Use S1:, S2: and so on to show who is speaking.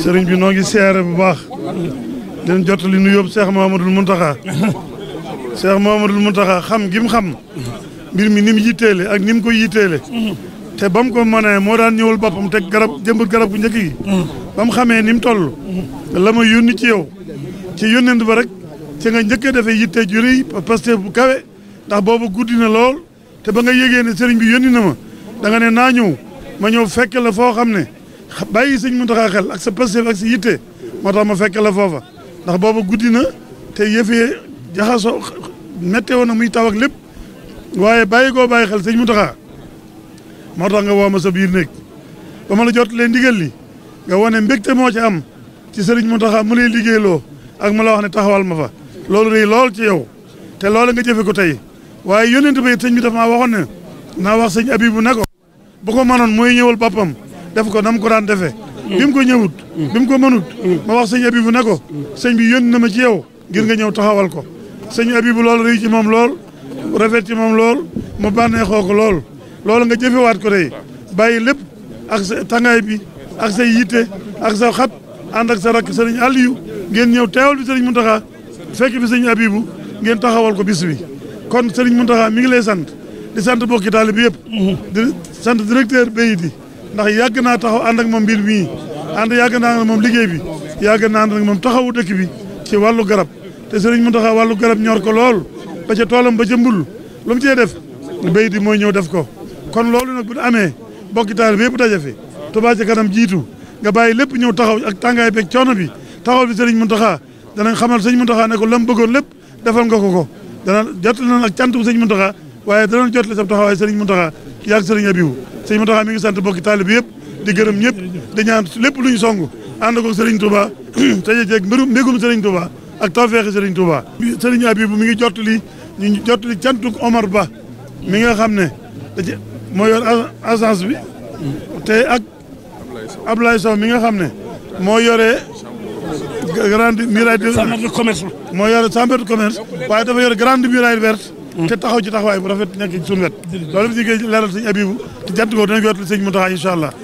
S1: sëriñ bi noo gi siyaare bu baax. leen jottali nu yóbbu Cheikh Mamadou Mountakha. Cheikh Mamadou Mountakha xam gim xam. mbir mi ni mu yitteele ak ni mu ko yitteele. te ba ko mënee moo daan ñëwal boppam teg garab jëmbat garab bu njëkk yi. ba xamee ni mu toll. la yónni ci yow. ci yónnent ba rek ci nga njëkkee dafay yitte ju rëy paste bu kawe ndax boobu guddi na lool te ba nga yégee ne sëriñ bi yónni ma da ne naa ñëw ma ñëw fekk la foo xam ne. bàyyi sëñ Muntaxa xel ak sa pastéef ak sa yitte moo tax ma fekk la foofa ndax booba guddi na te yëfee jaxasoo météo na muy taw ak lépp waaye bàyyi koo bàyyi xel sëñ Muntaxa moo tax nga woo ma sa biir néeg ba ma la jot leen ndigal li nga wane mbégte moo ci am ci sëriñ Muntaxa mu lay liggéeyloo ak ma la wax ne taxawal ma fa loolu rëy lool ci yow te loolu nga jëfe ko tey waaye yónnent ba sëñ bi dafa maa waxoon ne naa wax sëñ Abibu ne ko bu ko mënoon mooy ñëwal boppam def ko nam ko daan defee bi mu ko ñëwut bi mu ko mënut ma wax sëñ Abibu ne ko sëñ bi yónni na ma ci yow ngir nga ñëw taxawal ko sëñ Abibu lool rëy ci moom lool rafet ci moom lool mu bànneexoo xook lool loolu nga jëfewaat ko tey bàyyi lépp ak sa tàngaay bi ak say yitte ak sa xat ànd ak sa rakk sëriñ Aliou ngeen ñëw teewal bi sëriñ Mountakha fekk bi sëriñ Abibu ngeen taxawal ko bis bi kon sëriñ Mountakha mi ngi lay sant di sant bokki taalibe bi yëpp di sant directeur BID ndax yàgg naa taxaw ànd ak moom mbir mii ànd yàgg naa ak moom liggéey bi yàgg naa ànd ak moom taxaw dëkk bi ci wàllu garab te sëriñ Mountakha wàllu garab ñor ko lool ba ca toolam ba ca mbul cee def béy di mooy ñëw def ko kon loolu nag bu amee bokki taal bi yëpp daje fi Touba ca kanam jiitu nga bàyyi lépp ñëw taxaw ak tàngaay beeg coono bi taxaw bi sëriñ Mountakha danañ xamal sëñ Mountakha ne ko lam bëggoon lépp defal nga ko ko dana jotali nañ ak cantu sëñ Mountakha waaye danañ jotali sa taxawaay sëriñ Mountakha yaag sëriñ Abiwu sëñ Mountakha mi ngi sant bokki bi yëpp di gërëm ñëpp di ñaan lépp lu ñu song ànd ko Serigne Touba taje jeeg mbërum mbégum Serigne Touba ak tawfeexi Serigne Touba Serigne Abibou mu ngi jottali ñu jottali cantuk Ba mi nga xam ne moo yor agence bi te ak Ablaye Sow mi nga xam ne moo yore grande muraille de commerce moo yore chambre de commerce waaye dafa yore grande muraille verte te taxaw ci taxawaay bu rafet nekk ci suñu wet loolu bi ñu koy leeral sëñ Abibu te jant ko dinañ ko wetal sëñ Muntaxa incha allah